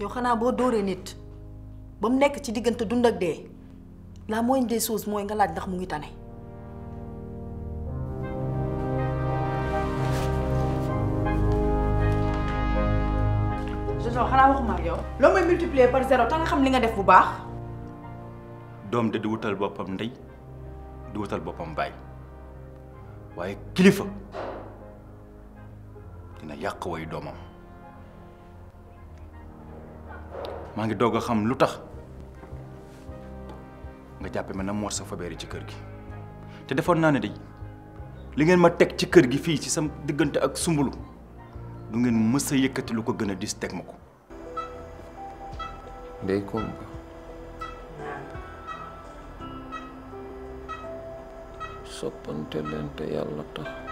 yow xanaa boo dóoree nit ba mu nekk ci diggante dund ak dee la moindre mooy nga laaj ndax mu ngi tane. Jojo xanaa waxuma yow. loo may multiplier par zéro te nga xam li nga def bu baax. doom de di wutal boppam ndey di wutal boppam baay waaye kilifa dina yàq way doomam. maa ngi doog a xam lu tax nga jàppe ma na Mor sa fabeeri ci kër gi te defoon naa ne de li ngeen ma teg ci kër gi fii ci sama diggante ak sumbulu du ngeen mës a yëkkati lu ko gën a dis teg ma ko ndey Kumba soppante leen te yàlla tax